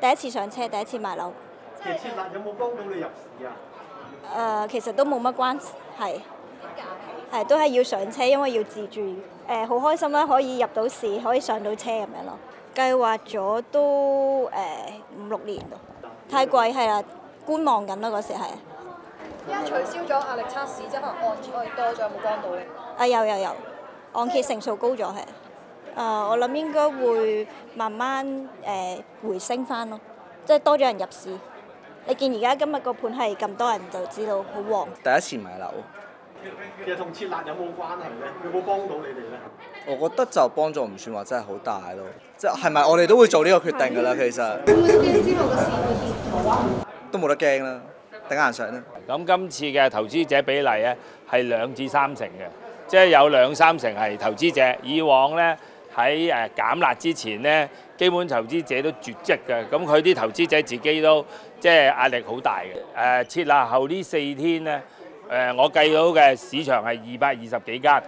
第一次上車，第一次買樓。其實有冇幫到你入市啊？呃、其實都冇乜關係，係、嗯、都係要上車，因為要自住。好、呃、開心啦，可以入到市，可以上到車咁樣咯。計劃咗都五六、呃、年咯，太貴係啦，觀望緊咯嗰時係。因取消咗壓力測試，即可能按揭可以多咗，沒有冇幫到你？啊有有有，按、呃、揭、呃呃呃嗯嗯嗯、成數高咗係。誒、呃，我諗應該會慢慢誒、呃、回升翻咯，即係多咗人入市。你見而家今日個盤係咁多人，就知道好旺。第一次買樓。其實同撤辣有冇關係咧？有冇幫到你哋咧？我覺得就幫助唔算話真係好大咯。即係係咪我哋都會做呢個決定㗎啦？其實。 都冇得驚啦，頂硬上啦。咁今次嘅投資者比例咧係兩至三成嘅，即係有兩三成係投資者。以往咧。喺誒減辣之前咧，基本投資者都絕跡嘅。咁佢啲投資者自己都即係壓力好大嘅。誒，撤辣後呢四天咧，誒我計到嘅市場係二百二十幾間，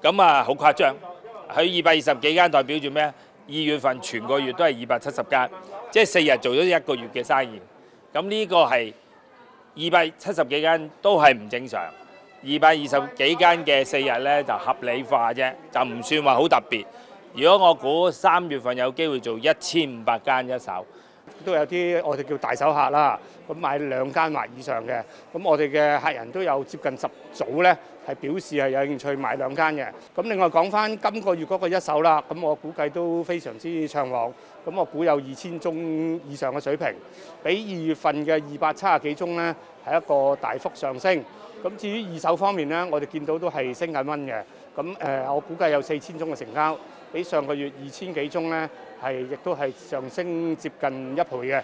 咁啊好誇張。佢二百二十幾間代表住咩？二月份全個月都係二百七十間，即係四日做咗一個月嘅生意。咁呢個係二百七十幾間都係唔正常，二百二十幾間嘅四日咧就合理化啫，就唔算話好特別。如果我估三月份有機會做一千五百間一手，都有啲我哋叫大手客啦，咁買兩間或以上嘅，咁我哋嘅客人都有接近十組咧，係表示係有興趣買兩間嘅。咁另外講返今個月嗰個一手啦，咁我估計都非常之暢旺，咁我估有二千宗以上嘅水平，比二月份嘅二百七十幾宗咧，係一個大幅上升。咁至於二手方面咧，我哋見到都係升緊溫嘅，咁誒我估計有四千宗嘅成交。比上個月二千幾宗咧，係亦都係上升接近一倍嘅。